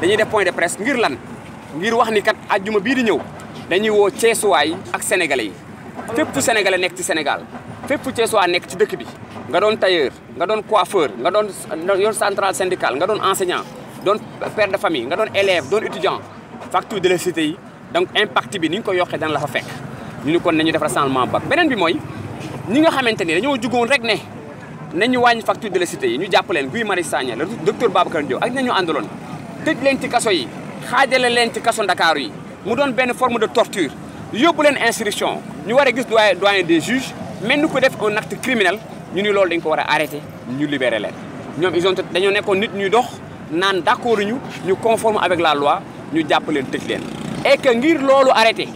dañuy def point de presse ngir lan ngir wax ni kat aljuma bi di ñëw dañuy woo ceesuwaay ak sénégalais yi fépp fu sénégalais nek ci sénégal fépp fu ceesuwaa nekk ci dëkk bi nga don tailleur nga don coiffeur nga don yon central syndical nga don enseignant don père de famille nga don élève don étudiant facture de la cité yi donc impact bi ni ñu ko yoxé dana la fa fekk ñu ni kon nañu def rassemblement bac benen bi moy ñi nga xamanteni dañu jugoon rek ne nañu wañ facture de la cité yi ñu jàpp leen Guy Marius le docteur Babacar ndio ak nañu andalon tëj leen ci kaso yi xaajale leen ci kaso ndakaaru yi mu doon benn forme de torture yóbbu leen instruction ñu war a gis doyen doyen des juges mais ñu ko def un acte criminel ñu ni loolu dañ ko war a arrêté ñu libérer leen ñoom ils ont dañoo nekkoon nit ñuy dox naan d' accord ñu ñu conforme avec la loi ñu jàpp leen tëj leen et que ngir loolu arrêté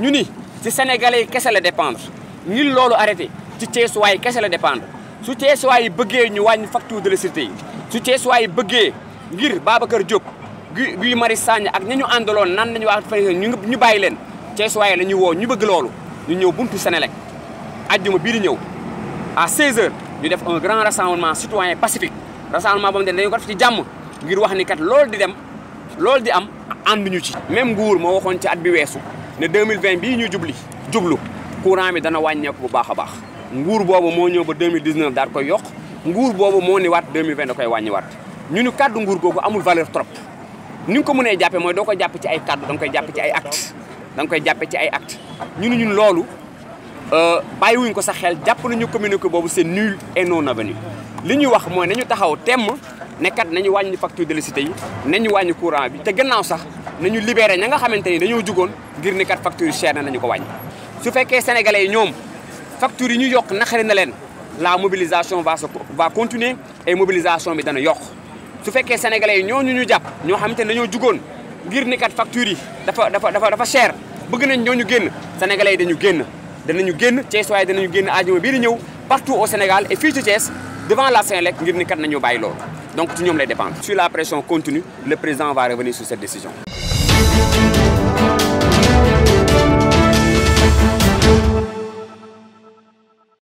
ñu ni ci sénégalais yi kese la dépendre ngir loolu arrêté ci Ceesuwaay yi kese la dépendre su Ceesuwaay yi bëggee ñu wàññi facture de l'électricité yi su Ceesuwaay yi bëggee ngir Babacar Diop Guy Guy Marius Sagna ak ña ñu àndaloon nan nañu wax fan ñu ñu bàyyi leen Thiès waaye la ñuy woo ñu bëgg loolu ñu ñëw buntu Sénélec ajjuma bii di ñëw a 16h ñu def un grand rassemblement citoyen pacifique rassemblement boobu dañu ko def ci jàmm ngir wax ni kat loolu di dem loolu di am ñu ci. même nguur moo waxoon ci at bi weesu ne 2020 bii ñu jubli jublu courant bi dana wàññeeku bu baax a baax nguur boobu moo ñëw ba 2019 daal koy yokk nguur boobu moo ni waat 2020 da koy wàññi ñu ni kàddu nguur googu amul valeur trop ñu ko mënee jappé moy do ko japp ci ay kaddu dang koy japp ci ay acte dang koy jàppe ci ay acte ñu ni ñun loolu euh, bàyyiwuñ ko sa xel jàpp nañu communiquer bobu c'est nul et non avenu li ñuy wax moy nañu taxaw tém ne kat nañu wàññi facture d'électricité yi nañu wàññi courant bi té gannaaw sax nañu libérer ña nga xamante dañu jugoon ngir ni kat facture cher nañu ko wàññi su fekkee sénégalais yi ñom facture yi ñu yok naxari na len la mobilisation va va continuer et mobilisation bi dana yok que les sénégalais ñooñu nous nous ñoo Ils ne dañoo jugoon ngir ni kat facture dafa dafa dafa cher bëgg nañ sénégalais dañu partout au Sénégal et devant la ngir ni kat nañu donc lay sur la pression continue le président va revenir sur cette décision.